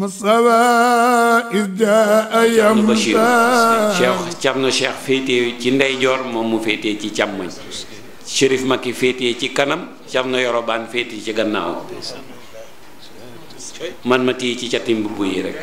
Mustafa Idda Ayam Bachir Cheikh Thierno Cheikh ci ndeyjoor moom mu féetee ci càmmoñ Chérif Maki féete ci kanam Thierno Yorobaan féetee ci gannaaw man ma téye ci cati mbubb yi rek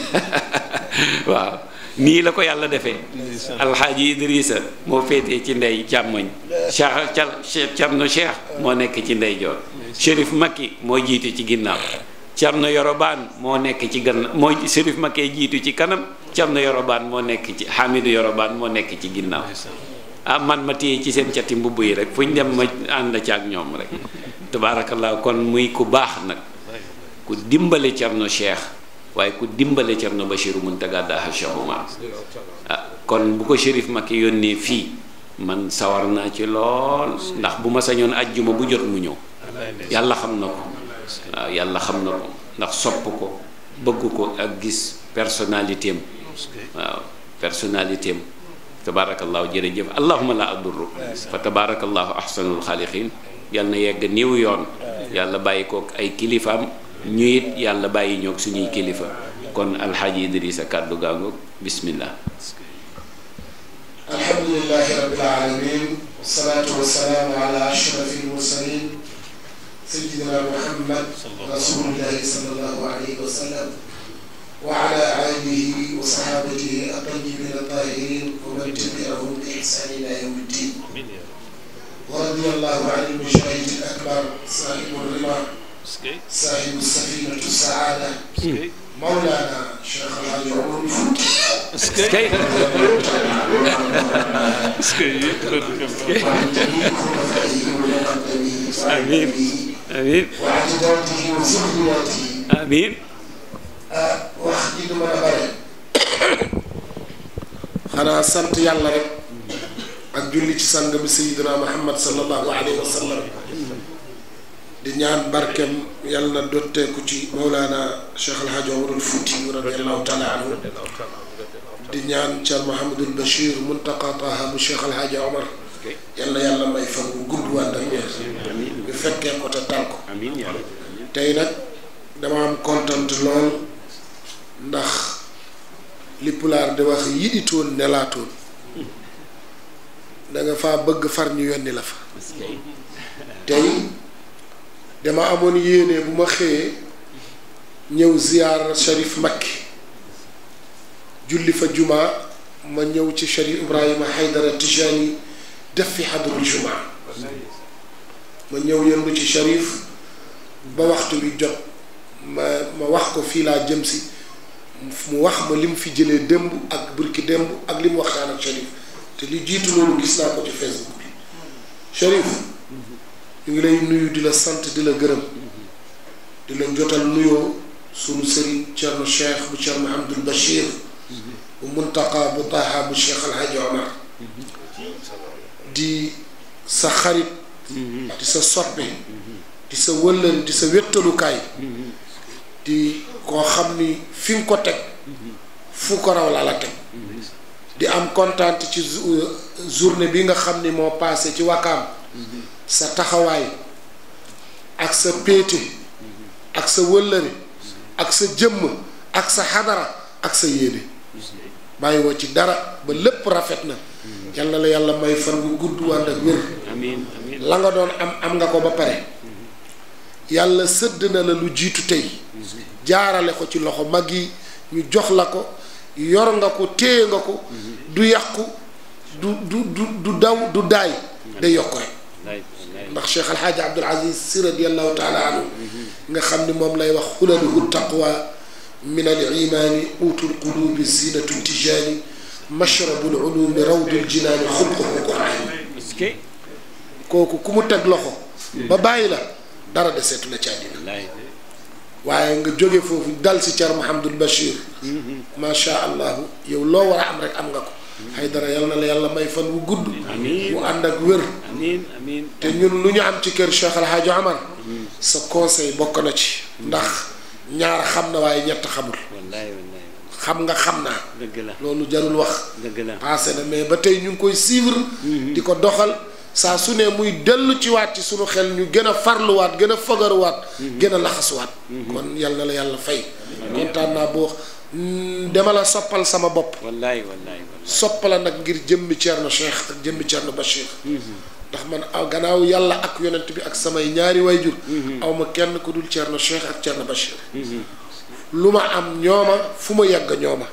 waaw nii la ko yàlla defe alxaaji Idrissa moo féetee ci ndey càmmoñ Cheikh Thierno moo nekk ci ndeyjoor Chérif Maki moo jiite ci ginnaaw. Cerno Yorobaan moo nekk ci gannaaw moo Serif Makee jiitu ci kanam Cerno Yorobaan moo nekk ci Hamidou Yorobaan moo nekk ci ginnaaw ah man ma téye ci seen cati mbubb yi rek fu ñu dem ma ànd ci ak ñoom rek tabaarakallaa kon muy ku baax nag ku dimbale Cerno Cheikh waaye ku dimbale Cerno Bachiru Muntaga Daha Cheikh Oumar ah kon bu ko Serif Makee yónnee fii man sawar naa ci lool ndax bu ma sañoon ajjuma bu jot mu ñëw yàlla xam na ko waaw yàlla xam na ko ndax sopp ko bëgg ko ak gis personnalité am waaw personnalité am tabaarakallaahu jërëjëf allahuma la adurru fa tabaarakallaahu ahsanul xaaliqiin yàlla na yegg niw yoon yàlla bàyyi kook ay kilifaam ñu yàlla bàyyi ñoog suñuy kilifa kon alxaaji idrisa kàddu gaangoog bismillah alhamdulillahi rabbil alamin wasalaatu wasalaamu ala ashrafil mursalin sayyidina Muhammad rasulillahi sallallahu alayhi wa sallam wa ala alihi wa sahabatihi at-tayyibin at-tahirin wa man tabi'ahum bi ihsan ila yawmi ddin wa radiyallahu an al-mujahid al-akbar sahibu rima sahibu safinatu saada Mawlana Cheikh El Hadj Omar Fouti. est-ce que est-ce que amiin amiin amiin wax ji du mën a bare xanaa sant yàlla rek ak julli ci sang bi Seydina Muhammad sallallahu alayhi wa sallam di ñaan barkeem yàlla na dotteeku ci Mawlana Cheikh El Hadj Omarul Fouti radiallahu taala anhu di ñaan Cheikh Mouhamadul Bachir Muntaqa Taha bu Cheikh El Omar yàlla yàlla may fan bu gudd wànd ak weer fekkee ko te tal ko tey nag dama am kontaan lool ndax li pulaar di wax yiditoon nelaatoon da nga bëgg far ñu yónni la fa tey dama amoon yéene bu ma xëyee ñëw ziyaar Cherif Makki julli fa jumaa ma ñëw ci Cherif Ibrahima Haydara Tijani def fi xadrul jumaa ma ñëw yëndu ci Cherif ba waxtu bi jot ma ma wax ko fii laa jëm si mu wax ma li mu fi jëlee démb ak burki démb ak li mu waxtaan ak Cherif te li jiitu loolu gis naa ko ci Facebook bi Cherif ñu ngi lay nuyu di la sant di la gërëm di la jotal nuyoo sunu sëriñ Thierno Cheikh bu Thierno Mahamadul Bachir bu Muntaqa bu Taha bu Cheikh Alhaji Omar di sa xarit di sa soppe di sa wëllën di sa wéttalukaay di koo xam ni fi nga ko teg fu ko raw la la teg di am kontaan ci journée bi nga xam ni moo passé ci Wakaam sa taxawaay ak sa péete ak sa wëllëre ak sa jëmm ak sa xadara ak sa yéene bàyyi woo ci dara ba lépp rafet na yàlla la yàlla may fan gu gudd wànd ak la nga doon am am nga ko ba pare yàlla sëdd na la lu jiitu tey jaarale ko ci loxo mag yi ñu jox la ko yor nga ko téye nga ko du yàqu du du daw du daay day yokk ndax Cheikh El Hadj Abdoul Aziz Sy radiyallahu taala anhu nga xam ni moom lay wax xulaluhu taqwa min al imaani utul qulubi zinatu tijaani mashrabul ulumi rawdul jinaani xulquhu quraan kooku ku mu teg loxo ba bàyyi la dara deseetu la ci àddina waaye nga jóge foofu dal si Thierno Mouhamadul Bachir mm-hmm. macha allah yow loo war a am rek am nga ko. Aydara yal na la yàlla may fan wu gudd wu ànd ak wér te ñun lu ñu am ci kër Cheikh El Hadj sa conseil bokk na ci ndax ñaar xam na waaye ñett xamul xam nga xam naa loolu jarul wax passé na mais ba tey ñu ngi koy suivre mm-hmm. di ko doxal saa su ne muy dellu ci waat ci sunu xel ñu gën a farluwaat gën a fagaruwaat mm-hmm. gën a laxasuwaat mm-hmm. kon yal na la yàlla fay kontaan naa boo Mm, dama la soppal sama bopp. wallaay wallaay soppala nag ngir jëmmi Thierno Cheikh ak jëmmi Thierno Bachir. Mm-hmm. ndax man aw gannaaw yàlla ak wenent bi ak samay ñaari wayjur. Mm-hmm. aw ma kenn ku dul Thierno Cheikh ak Thierno Bachir. Mm-hmm. lu ma am ñooma fu ma yàgg ma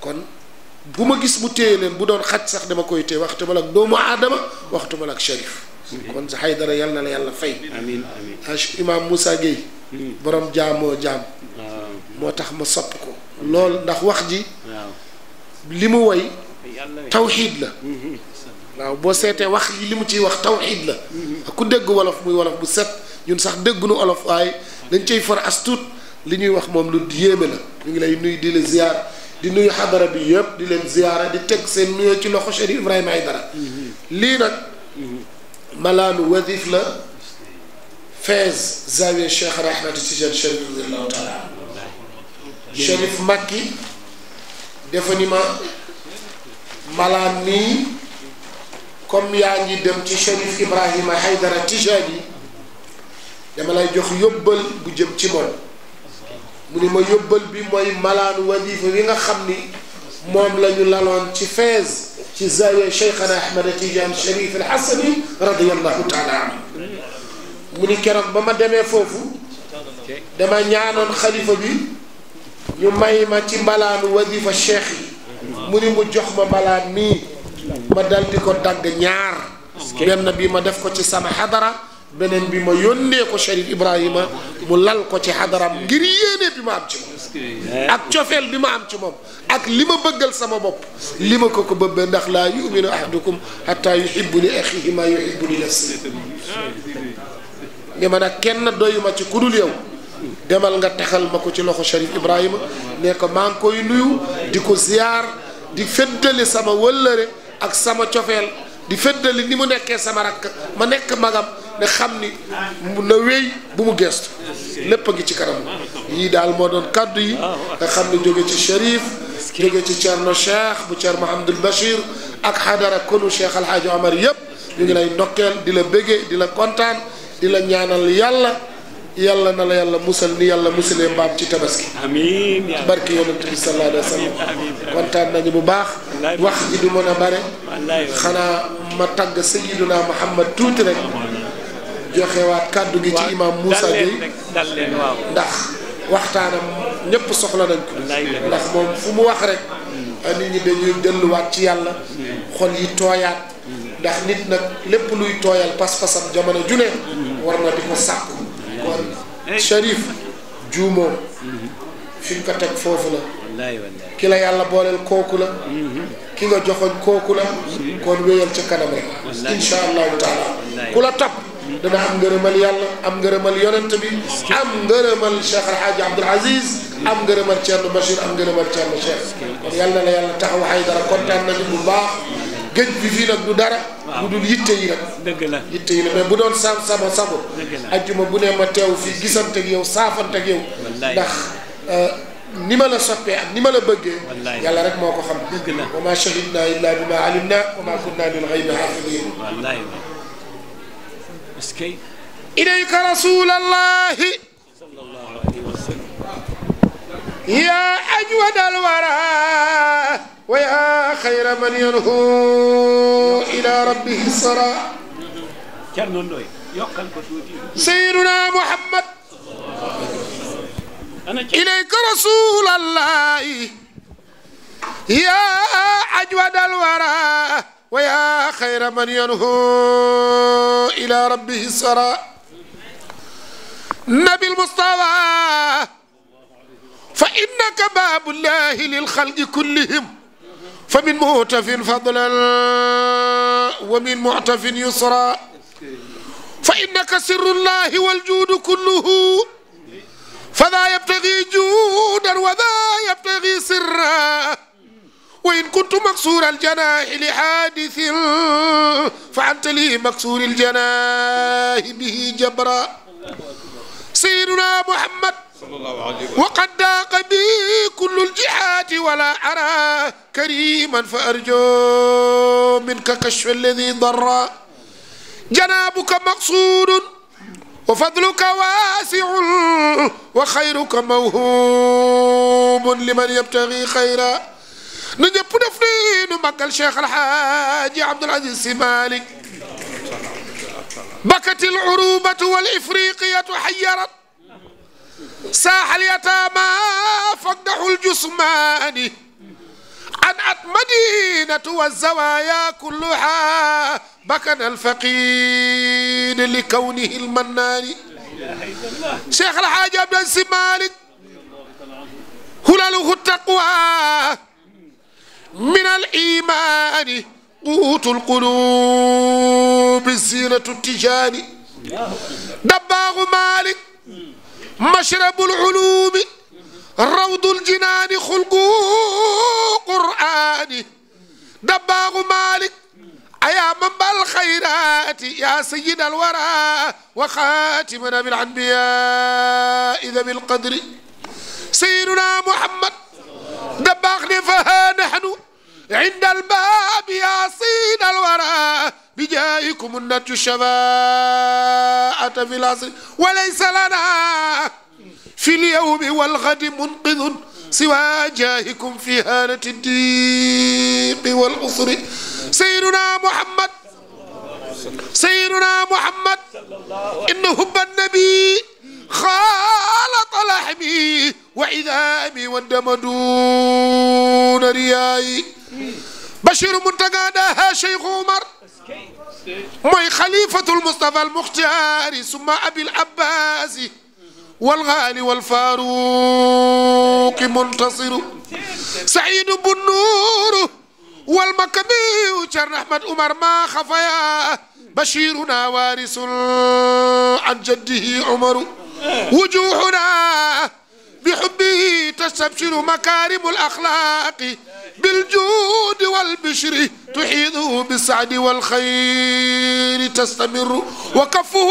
kon bu ma gis mu téye leen bu doon xaj sax dama koy téye waxtu ma la ak doomu aadama waxtu ma la ak shérif. kon sa dara yàlla na la yàlla fay. amiin amiin Haji Imaam Moussa Gueye. Hmm. boroom jaamoo jaam. moo tax ma sopp ko. lool ndax wax ji. li mu woy tawxiid la. Hmm, hmm. waaw boo seetee wax yi li mu ciy wax tawxiid la. ku dégg wolof muy wolof bu set ñun sax déggunu olof waaye dañ cay far as tuut li ñuy wax moom lu yéeme la ñu ngi lay nuyu di la ziar di nuyu xadara bi yëpp di leen ziara di teg seen nuyoo ci loxo Chérif Ibrahima Aïdara lii nag. malaanu wasiif la Fez Zawiya Cheikh Rahmati Tijaan Cherif radiyallahu taala Makki dafa ni ma malaan nii comme yaa ngi dem ci Cherif Ibrahima Haydara Tijaani dama lay jox yóbbal bu jëm ci moom mu ni ma yóbbal bi mooy malaanu wasiifa wi nga xam ni moom lañu ñu laloon ci Fez ci zaawiya Cheikhana Ahmad Tidiane Cherif al Hassani radiyallahu taala anhu mu ni keroog ba ma demee foofu dama ñaanoon xalifa bi ñu may ma ci mbalaanu wadifa cheikh yi mu ni mu jox ma mbalaan mii ma dal di ko dagg ñaar benn bi ma def ko ci sama xadara beneen bi ma yónnee ko Cherif Ibrahima mu lal ko ci xadaram ngir yéene bi ma am ci moom ak bi ma am ci moom ak li ma bëggal sama bopp li ma ko ko bëbbee ndax laa yuminu ahadukum hatta yuhibbu li axihi ma yuhibbu li nafsihi ne ma nag kenn doyuma ci kudul yow demal nga taxal ma ko ci loxo Cherif Ibrahima ne ko maa ngi koy nuyu di ko ziyaar di feddali sama wëllëre ak sama cofeel di feddali ni mu nekkee sama rakk ma nekk magam ne xam ni na wéy bu mu gestu lépp a ngi ci kanam yii daal moo doon kaddu yi nga xam ne jóge ci Cherif jóge ci Thierno Cheikh bu Thierno Mahamadul Bachir ak xadara konu Cheikh Alhaaji Omar yëpp ñu ngi lay ndokkeel di la bëggee di la kontaan di la ñaanal yàlla yàlla na la yàlla musal ni yàlla musalee mbaam ci tabaski amiin barke yonent bi sallallahu alayhi kontaan nañu bu baax wax ji du mën a bare xanaa ma tagg sayiduna Muhammad tuuti rek joxewaat kàddu gi ci imaam Moussa Gueye dal leen waaw ndax waxtaanam ñëpp soxla nañ ko ndax moom fu mu wax rek nit ñi dañuy delluwaat ci yàlla xol yi tooyaat ndax nit nag lépp luy tooyal pas-pasam jamono ju ne war nga di ko sàkk kon eh. ko teg foofu la ki la yàlla booleel kooku la mhm. ki nga joxoñ kooku la mhm. kon wéyal ca kanam rek insha allahu taala ku la topp dana am ngërëmal yàlla am ngërëmal yonent bi am ngërëmal Cheikh El Hadj Abdoul Aziz am ngërëmal Thierno Bachir am ngërëmal Thierno Cheikh kon yàlla na la yàlla taxaw Haydara kontaan nañu bu baax géej bi fii nag du dara. bu dul yitte yi rek. dëgg la yitte yi la mais bu doon saam sama sago. dëgg la ajjuma bu ne ma teew fii gisante ak yow saafante ak yow. ndax. Euh, ni ma la soppee ak ni ma la bëggee yàlla rek moo ko xam wa ma shahidna illa bi ma alimna wa kunna lil ghaybi hafidin ilayka rasulallahi ya ajwadal wara wa ya xayra man yanhu ila rabbihi sara Cerno Ndoy yokkal ko tuuti Seydina Muhammad ilayka rasulallahi ya ajwadal wara wa yaa xayra man yanhu ila rabbihi sara nabi lmustafa fa innaka baabullahi lilxalqi kullihim fa min mutafin fadlan wa min mutafin yusra fa innaka sirrullahi waljuudu kulluhu مكسور الجناح لحادث فأنت لي مكسور الجناح به جبرا سيدنا محمد وقد داق بي كل الجهات ولا أرى كريما فأرجو منك كشف الذي ضر جنابك مقصود وفضلك واسع وخيرك موهوب لمن يبتغي خيرا nu ñëpp def nii nu màggal Cheikh El Hadj Abdoul Aziz Sy Malick بكت العروبة والإفريقية حيرت ساح اليتامى فقدحوا الجسمان أنأت مدينة والزوايا كلها بكنا الفقيد لكونه المنان شيخ الحاج عبد مالك هلاله التقوى من الإيمان قوت القلوب زينة التجان دباغ مالك مشرب العلوم روض الجنان خلق قرآن دباغ مالك أيا من بالخيرات يا سيد الورى وخاتمنا بالأنبياء إذا بالقدر سيدنا محمد دباغ نفهم عند الباب يا صين الورى بجاهكم النت الشفاعة في العصر وليس لنا في اليوم والغد منقذ سوى جاهكم في هالة الضيق والعسر سيدنا محمد سيدنا محمد إن حب النبي خالط لحمي وعذامي والدم دون رياي Bachir Mountaga daha Cheikh Oumar mooy xalifatul Moustapha al Muxtaari summa abil Abbaasi wal Gaali wal Faaruqi muntasiru Saidu bu Nuuru wal Makabiyu Cerno Ahmad Oumar maa xafaya Bachiruna waarisun an jaddihi Oumaru wujuhuna بحبه تستبشر مكارم الأخلاق بالجود والبشر تحيده بالسعد والخير تستمر وكفه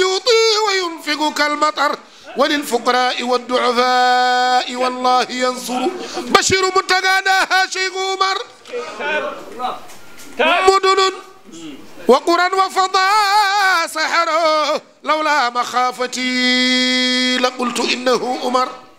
يعطي وينفق كالمطر وللفقراء والضعفاء والله ينصر بشير متقاداها شيخ عمر مدن وقرا وفضا سحره لولا مخافتي لقلت انه عمر